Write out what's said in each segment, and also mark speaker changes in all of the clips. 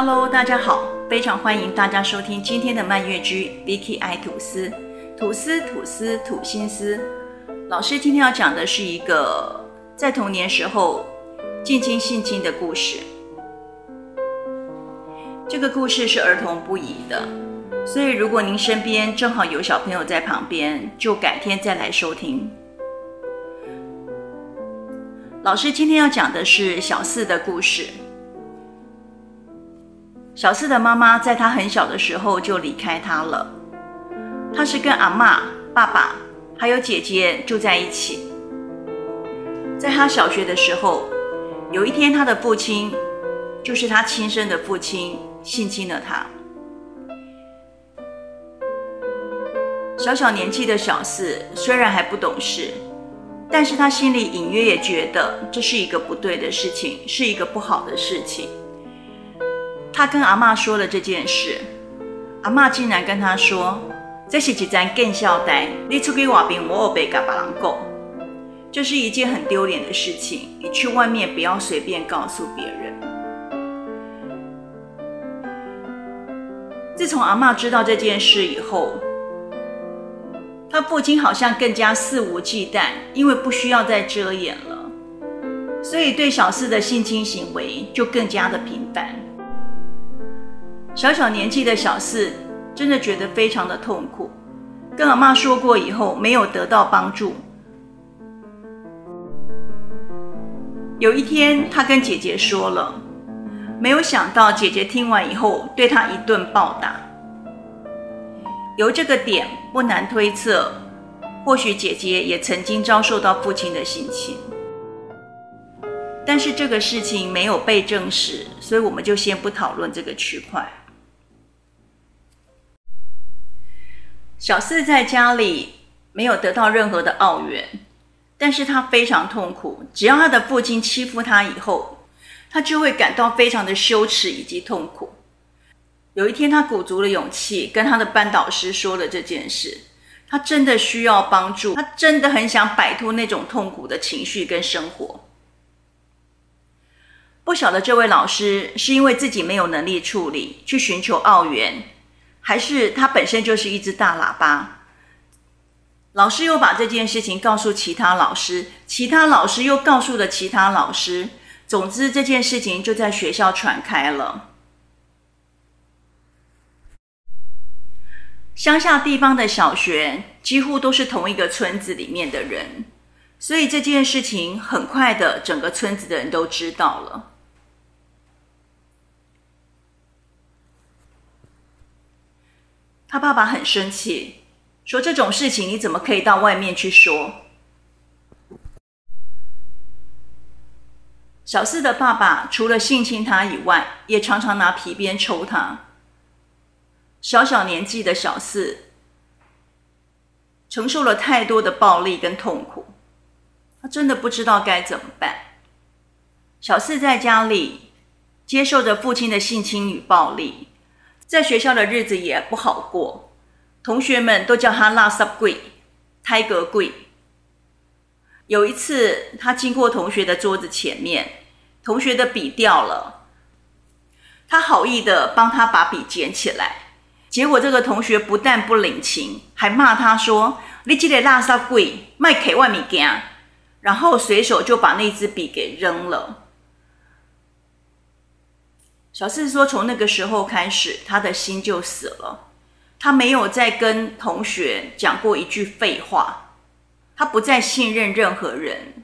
Speaker 1: Hello，大家好，非常歡迎大家收聽今天的劇《慢月居》BKI 吐司，吐司吐司吐心思。老師今天要講的是一個在童年時候近親性侵的故事。這個故事是兒童不宜的，所以如果您身邊正好有小朋友在旁邊，就改天再來收聽。老師今天要講的是小肆的故事。小肆的媽媽在她很小的時候就離開她了，她是跟阿嬤、爸爸還有姐姐住在一起。在她小學的時候，有一天她的父親，就是她親生的父親，性侵了她。小小年紀的小肆雖然還不懂事，但是她心裡隱約也覺得這是一個不對的事情，是一個不好的事情。他跟阿嬤說了這件事，阿嬤竟然跟他說：“這是幾張更笑呆，你出去我邊我後背夾白狼狗。就”這是一件很丟臉的事情，你去外面不要隨便告訴別人。自從阿嬤知道這件事以後，他父親好像更加肆無忌憚，因為不需要再遮掩了，所以對小肆的性侵行為就更加的頻繁。小小年紀的小肆，真的覺得非常的痛苦。跟阿嬤說過以後，沒有得到幫助。有一天，她跟姐姐說了，沒有想到姐姐聽完以後，對她一頓暴打。由這個點不難推測，或許姐姐也曾經遭受到父親的性侵。但是這個事情沒有被證實，所以我們就先不討論這個區塊。小肆在家裡沒有得到任何的奧援，但是他非常痛苦。只要他的父親欺負他以後，他就會感到非常的羞恥以及痛苦。有一天，他鼓足了勇氣，跟他的班導師說了這件事。他真的需要幫助，他真的很想擺脫那種痛苦的情緒跟生活。不曉得這位老師是因為自己沒有能力處理，去尋求奧援。還是他本身就是一隻大喇叭？老師又把這件事情告訴其他老師，其他老師又告訴了其他老師。總之，這件事情就在學校傳開了。鄉下地方的小學幾乎都是同一個村子裡面的人，所以這件事情很快的，整個村子的人都知道了。他爸爸很生氣，說這種事情你怎麼可以到外面去說？小肆的爸爸除了性侵他以外，也常常拿皮鞭抽他。小小年紀的小肆，承受了太多的暴力跟痛苦，他真的不知道該怎麼辦。小肆在家裡接受着父親的性侵與暴力。在學校的日子也不好過，同學們都叫他垃圾鬼、胎格鬼。有一次，他經過同學的桌子前面，同學的筆掉了，他好意的幫他把筆撿起來，結果這個同學不但不領情，還罵他說：“你這個垃圾鬼，賣給外賣件。”然後隨手就把那支筆給扔了。小肆說：“從那個時候開始，他的心就死了。他沒有再跟同學講過一句廢話。他不再信任任何人。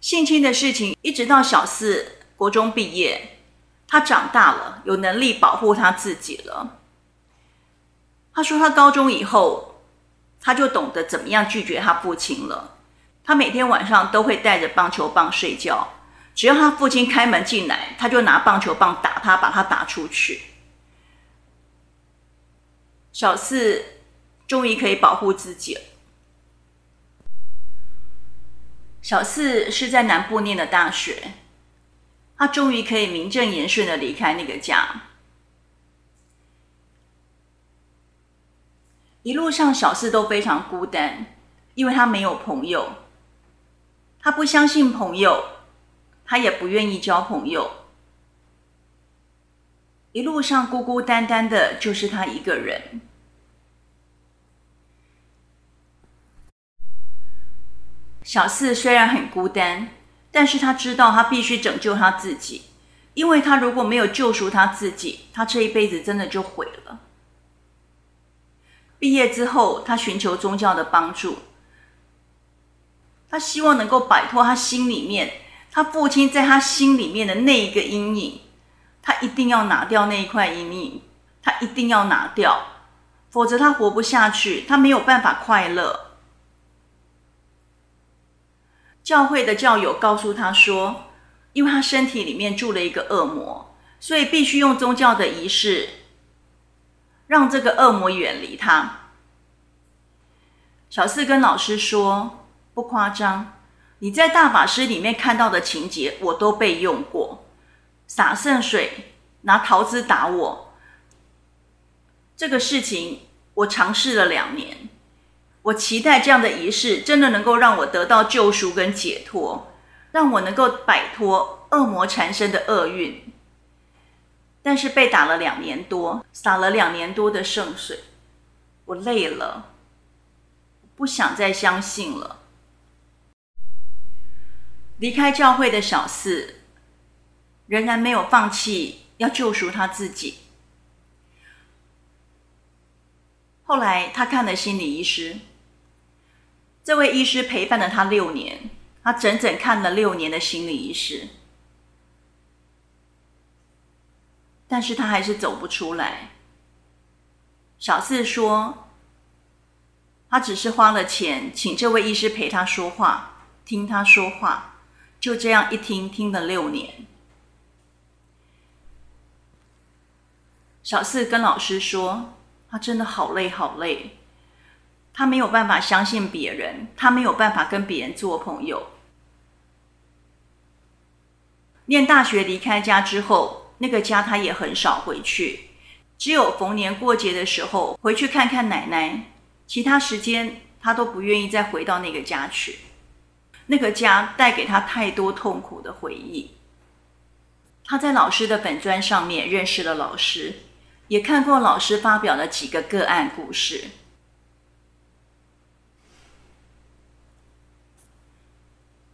Speaker 1: 性侵的事情，一直到小肆國中畢業，他長大了，有能力保護他自己了。他說，他高中以後，他就懂得怎麼樣拒絕他父親了。他每天晚上都會帶着棒球棒睡覺。”只要他父親開門進來，他就拿棒球棒打他，把他打出去。小肆終於可以保護自己了。小肆是在南部念的大學，他終於可以名正言順地離開那個家。一路上，小肆都非常孤單，因為他沒有朋友，他不相信朋友。他也不願意交朋友，一路上孤孤單單的，就是他一個人。小肆雖然很孤單，但是他知道他必須拯救他自己，因為他如果沒有救贖他自己，他這一輩子真的就毀了。畢業之後，他尋求宗教的幫助，他希望能夠擺脫他心裡面。他父親在他心裡面的那一個陰影，他一定要拿掉那一塊陰影，他一定要拿掉，否則他活不下去，他沒有辦法快樂。教會的教友告訴他說，因為他身體裡面住了一個惡魔，所以必須用宗教的儀式，讓這個惡魔遠離他。小肆跟老師說，不誇張。你在大法師裡面看到的情節，我都被用過，灑聖水，拿桃枝打我。這個事情我嘗試了兩年，我期待這樣的儀式真的能夠讓我得到救贖跟解脫，讓我能夠擺脫惡魔纏身的厄運。但是被打了兩年多，灑了兩年多的聖水，我累了，不想再相信了。離開教會的小肆，仍然沒有放棄要救贖他自己。後來，他看了心理醫師，這位醫師陪伴了他六年，他整整看了六年的心理醫師，但是他還是走不出來。小肆說，他只是花了錢，請這位醫師陪他說話，聽他說話。就這樣一聽聽了六年，小肆跟老師說：“他真的好累，好累，他沒有辦法相信別人，他沒有辦法跟別人做朋友。”念大學離開家之後，那個家他也很少回去，只有逢年過節的時候回去看看奶奶，其他時間他都不願意再回到那個家去。那個家帶給他太多痛苦的回憶。他在老師的粉專上面認識了老師，也看過老師發表了幾個個案故事。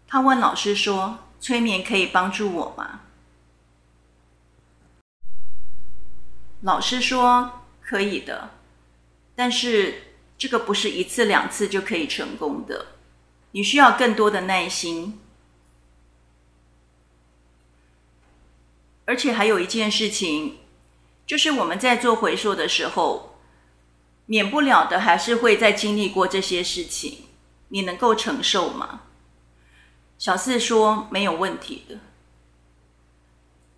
Speaker 1: 他問老師說：“催眠可以幫助我嗎？”老師說：“可以的，但是這個不是一次兩次就可以成功的。”你需要更多的耐心，而且還有一件事情，就是我們在做回溯的時候，免不了的還是會再經歷過這些事情，你能夠承受嗎？小肆說沒有問題的。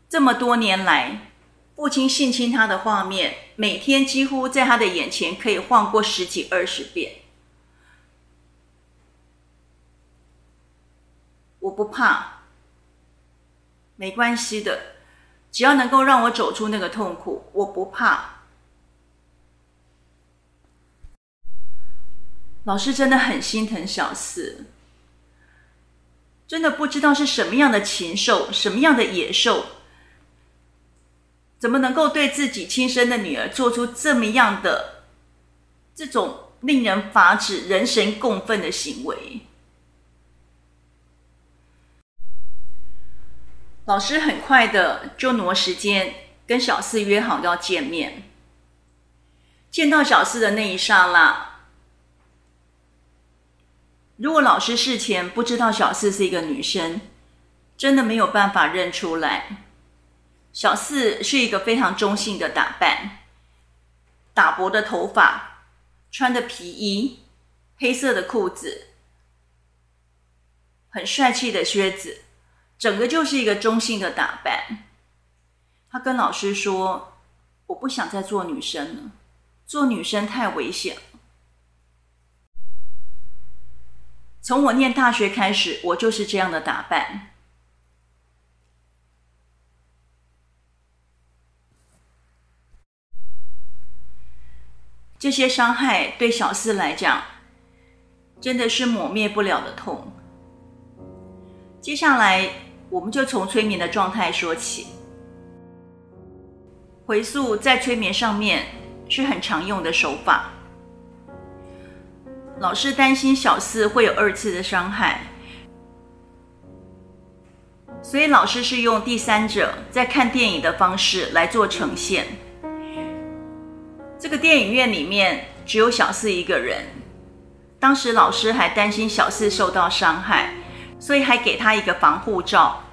Speaker 1: 這麼多年來，父親性侵她的畫面，每天幾乎在她的眼前可以晃過十幾二十遍。我不怕，沒關係的，只要能夠讓我走出那個痛苦，我不怕。老師真的很心疼小肆，真的不知道是什麼樣的禽獸，什麼樣的野獸，怎麼能夠對自己親生的女兒做出這麼樣的這種令人發指、人神共憤的行為？老師很快的就挪時間，跟小肆約好要見面。見到小肆的那一剎那，如果老師事前不知道小肆是一個女生，真的沒有辦法認出來。小肆是一個非常中性的打扮，打薄的頭髮，穿的皮衣，黑色的褲子，很帥氣的靴子。整個就是一個中性的打扮。他跟老師說：“我不想再做女生了，做女生太危險。從我念大學開始，我就是這樣的打扮。”這些傷害對小肆來講，真的是抹滅不了的痛。接下來。我們就從催眠的狀態說起。回溯在催眠上面是很常用的手法。老師擔心小肆會有二次的傷害，所以老師是用第三者在看電影的方式來做呈現。這個電影院裡面只有小肆一個人。當時老師還擔心小肆受到傷害，所以還給他一個防護罩。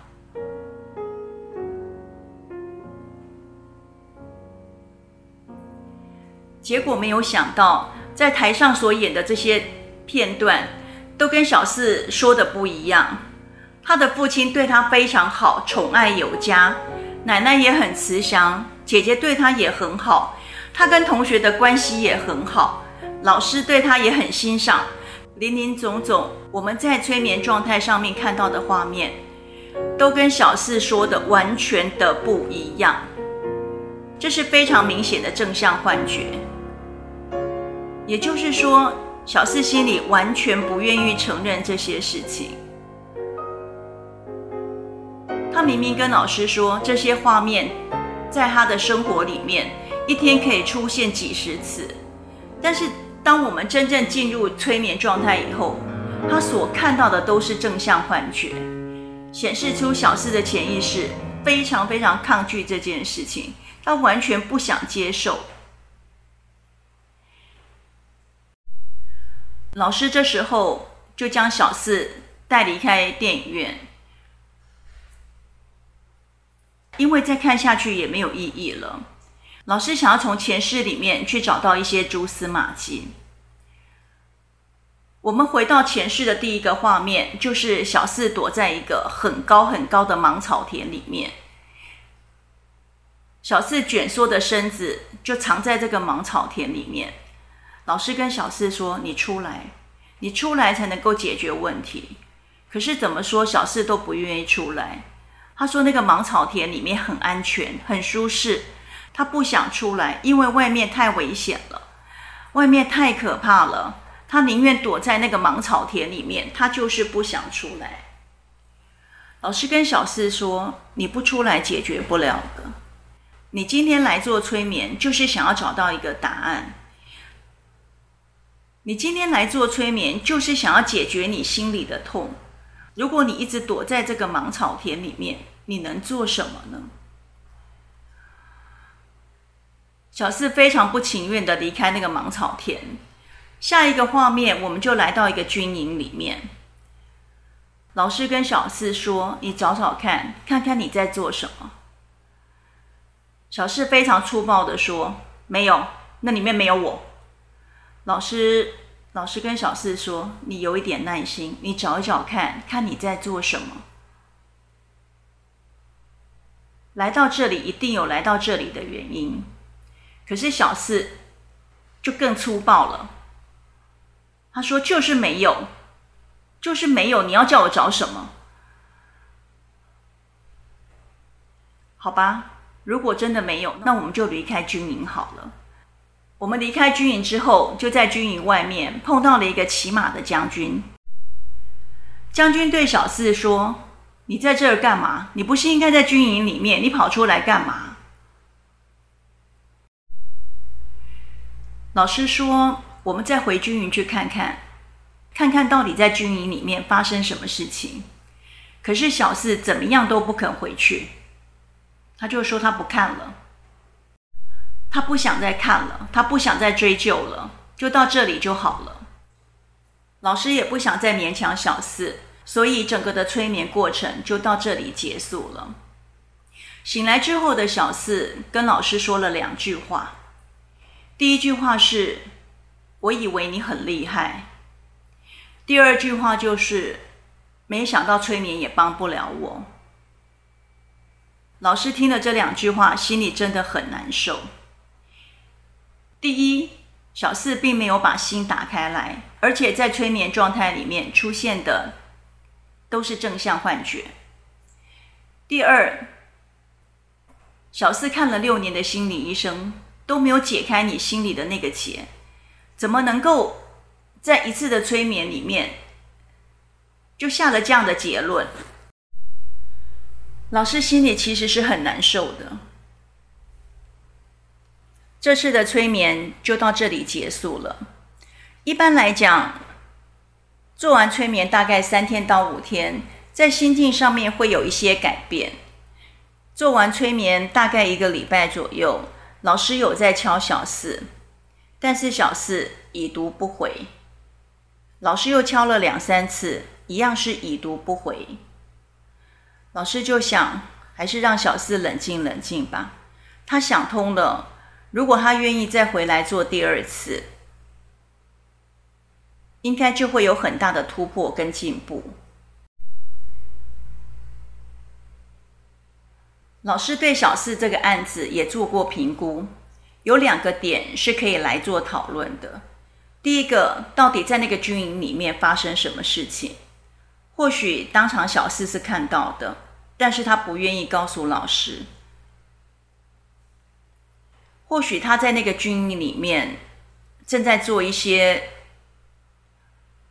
Speaker 1: 結果沒有想到，在台上所演的這些片段，都跟小肆說的不一樣。他的父親對他非常好，寵愛有加；奶奶也很慈祥，姐姐對他也很好，他跟同學的關係也很好，老師對他也很欣賞。林林總總，我們在催眠狀態上面看到的畫面，都跟小肆說的完全的不一樣。這是非常明顯的正向幻覺。也就是說，小肆心裡完全不願意承認這些事情。他明明跟老師說，這些畫面在他的生活裡面一天可以出現幾十次，但是當我們真正進入催眠狀態以後，他所看到的都是正向幻覺，顯示出小肆的潛意識非常非常抗拒這件事情，他完全不想接受。老師這時候就將小肆帶離開電影院，因為再看下去也沒有意義了。老師想要從前世裡面去找到一些蛛絲馬跡。我們回到前世的第一個畫面，就是小肆躲在一個很高很高的芒草田裡面，小肆蜷縮的身子就藏在這個芒草田裡面。老師跟小肆說：“你出來，你出來才能夠解決問題。可是怎麼說，小肆都不願意出來。他說那個芒草田裡面很安全、很舒適，他不想出來，因為外面太危險了，外面太可怕了。他寧願躲在那個芒草田裡面，他就是不想出來。老師跟小肆說：‘你不出來，解決不了的。你今天來做催眠，就是想要找到一個答案。’”你今天來做催眠，就是想要解決你心裡的痛。如果你一直躲在這個芒草田裡面，你能做什麼呢？小肆非常不情願的離開那個芒草田。下一個畫面，我們就來到一個軍營裡面。老師跟小肆說：“你找找看，看看你在做什麼。”小肆非常粗暴的說：“沒有，那裡面沒有我。”老師，老師跟小肆說：“你有一點耐心，你找一找，看看你在做什麼。來到這裡一定有來到這裡的原因。”可是小肆就更粗暴了，他說：‘就是沒有，就是沒有。你要叫我找什麼？好吧，如果真的沒有，那我們就離開軍營好了。’我們離開軍營之後，就在軍營外面碰到了一個騎馬的將軍。將軍對小肆說：“你在這兒幹嘛？你不是應該在軍營裡面，你跑出來幹嘛？”老師說：“我們再回軍營去看看，看看到底在軍營裡面發生什麼事情。”可是小肆怎麼樣都不肯回去，他就說他不看了。他不想再看了，他不想再追究了，就到這裡就好了。老師也不想再勉強小肆，所以整個的催眠過程就到這裡結束了。醒來之後的小肆跟老師說了兩句話，第一句話是“我以為你很厲害”，第二句話就是“沒想到催眠也幫不了我”。老師聽了這兩句話，心裡真的很難受。第一，小肆並沒有把心打開來，而且在催眠狀態裡面出現的都是正向幻覺。第二，小肆看了六年的心理醫生都沒有解開你心裡的那個結，怎麼能夠在一次的催眠裡面就下了這樣的結論？老師心裡其實是很難受的。這次的催眠就到這裡結束了。一般來講，做完催眠大概三天到五天，在心境上面會有一些改變。做完催眠大概一個禮拜左右，老師有在敲小四，但是小四已讀不回。老師又敲了兩三次，一樣是已讀不回。老師就想，還是讓小四冷靜冷靜吧。他想通了。如果他願意再回來做第二次，應該就會有很大的突破跟進步。老師對小肆這個案子也做過評估，有兩個點是可以來做討論的。第一個，到底在那個軍營裡面發生什麼事情？或許當場小肆是看到的，但是他不願意告訴老師。或許他在那個軍營裡面正在做一些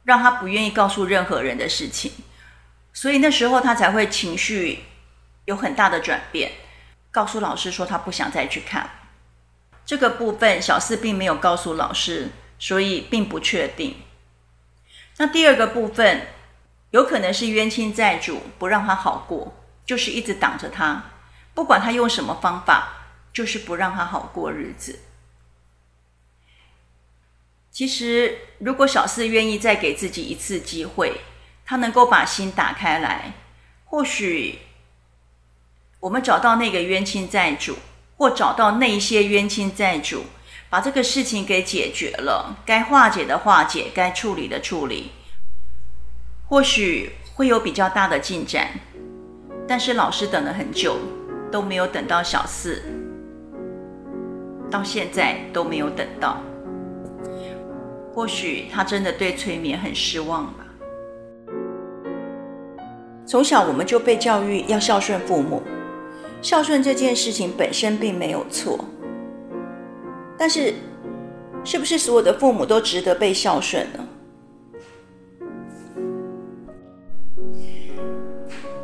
Speaker 1: 讓他不願意告訴任何人的事情，所以那時候他才會情緒有很大的轉變，告訴老師說他不想再去看。這個部分小四並沒有告訴老師，所以並不確定。那第二個部分有可能是冤親債主不讓他好過，就是一直擋着他，不管他用什麼方法。就是不讓他好過日子。其實，如果小肆願意再給自己一次機會，他能夠把心打開來，或許我們找到那個冤親債主，或找到那些冤親債主，把這個事情給解決了，該化解的化解，該處理的處理，或許會有比較大的進展。但是，老師等了很久，都沒有等到小肆。到現在都沒有等到，或許他真的對催眠很失望吧？從小我們就被教育要孝順父母，孝順這件事情本身並沒有錯，但是，是不是所有的父母都值得被孝順呢？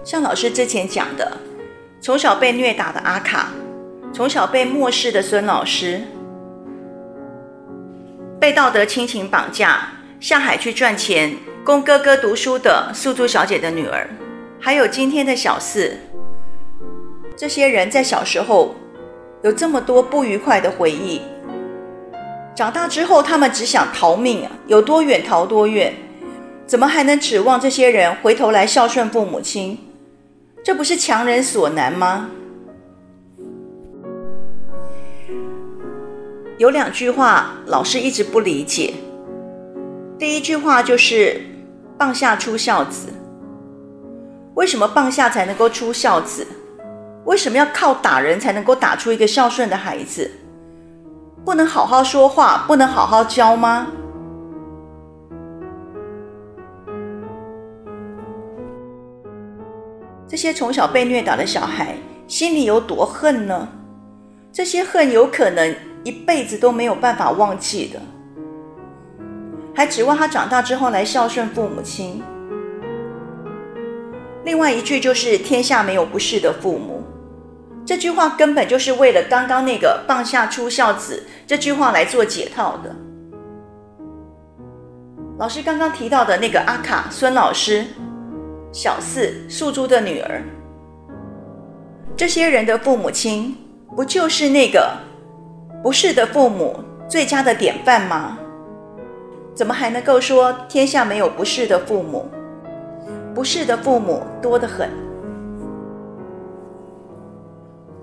Speaker 1: 像老師之前講的，從小被虐打的阿卡。從小被漠視的孫老師，被道德親情綁架下海去賺錢供哥哥讀書的素珠小姐的女兒，還有今天的小肆，這些人在小時候有這麼多不愉快的回憶，長大之後他們只想逃命啊，有多遠逃多遠，怎麼還能指望這些人回頭來孝順父母親？這不是強人所難嗎？有兩句話，老師一直不理解。第一句話就是“棒下出孝子”，為什麼棒下才能夠出孝子？為什麼要靠打人才能夠打出一個孝順的孩子？不能好好說話，不能好好教嗎？這些從小被虐打的小孩心裡有多恨呢？這些恨有可能。一輩子都沒有辦法忘記的，還指望他長大之後來孝順父母親。另外一句就是“天下沒有不是的父母”，這句話根本就是為了剛剛那個“棒下出孝子”這句話來做解套的。老師剛剛提到的那個阿卡孫老師、小肆素珠的女兒，這些人的父母親，不就是那個，不是的父母，最佳的典範嗎？怎麼還能夠說天下沒有不是的父母？不是的父母多得很。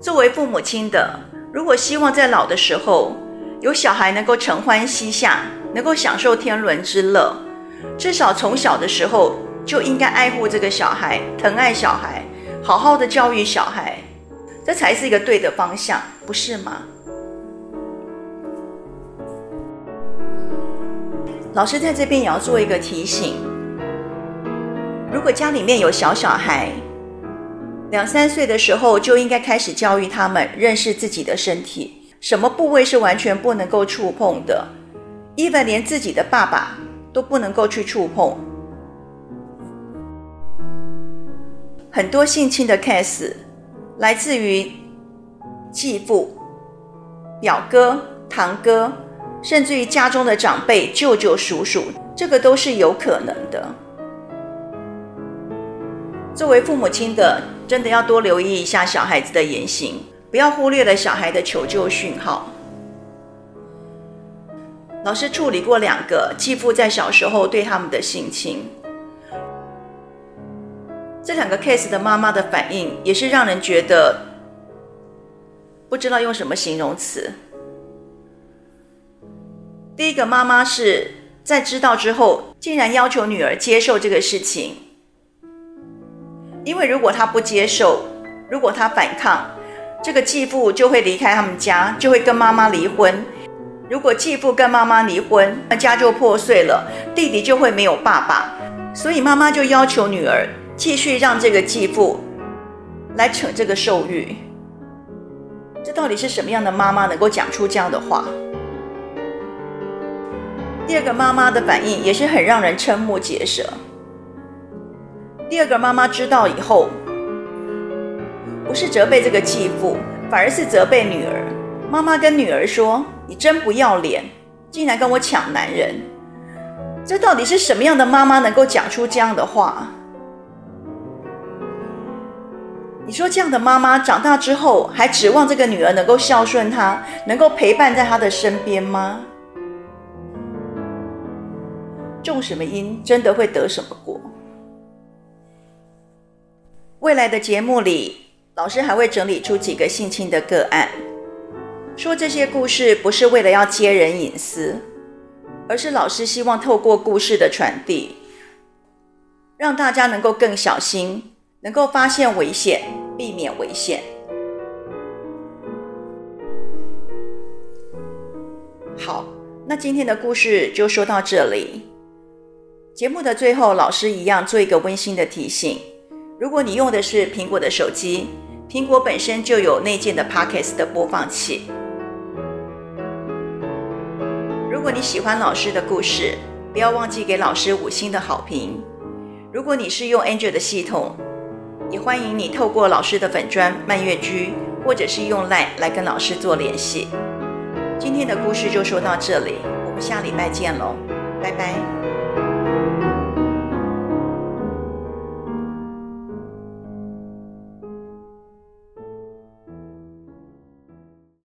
Speaker 1: 作為父母親的，如果希望在老的時候有小孩能夠承歡膝下，能夠享受天倫之樂，至少從小的時候就應該愛護這個小孩，疼愛小孩，好好的教育小孩，這才是一個對的方向，不是嗎？老師在這邊也要做一個提醒：如果家裡面有小小孩，兩三歲的時候就應該開始教育他們認識自己的身體，什麼部位是完全不能夠觸碰的。even 連自己的爸爸都不能夠去觸碰，很多性侵的 case 來自於繼父、表哥、堂哥。甚至於家中的長輩、舅舅、叔叔，這個都是有可能的。作為父母親的，真的要多留意一下小孩子的言行，不要忽略了小孩的求救訊號。老師處理過兩個繼父在小時候對他們的性侵，這兩個 case 的媽媽的反應也是讓人覺得不知道用什麼形容詞。第一個，媽媽是在知道之後，竟然要求女兒接受這個事情。因為如果她不接受，如果她反抗，這個繼父就會離開他們家，就會跟媽媽離婚。如果繼父跟媽媽離婚，那家就破碎了，弟弟就會沒有爸爸。所以媽媽就要求女兒繼續讓這個繼父來逞這個獸欲。這到底是什麼樣的媽媽能夠講出這樣的話？第二個媽媽的反應也是很讓人瞠目結舌。第二個媽媽知道以後，不是責備這個繼父，反而是責備女兒。媽媽跟女兒說：“你真不要臉，竟然跟我搶男人！”這到底是什麼樣的媽媽能夠講出這樣的話？你說這樣的媽媽長大之後，還指望這個女兒能夠孝順她，能夠陪伴在她的身邊嗎？種什麼因，真的會得什麼果？未來的節目裡，老師還會整理出幾個性侵的個案，說這些故事不是為了要揭人隱私，而是老師希望透過故事的傳遞，讓大家能夠更小心，能夠發現危險，避免危險。好，那今天的故事就說到這裡。節目的最後，老師一樣做一個溫馨的提醒：如果你用的是蘋果的手機，蘋果本身就有內建的 Podcast 的播放器。如果你喜歡老師的故事，不要忘記給老師五星的好評。如果你是用 Android 的系統，也歡迎你透過老師的粉專蔓越橘，或者是用 Line 來跟老師做聯繫。今天的故事就說到這裡，我們下禮拜見嘍，拜拜。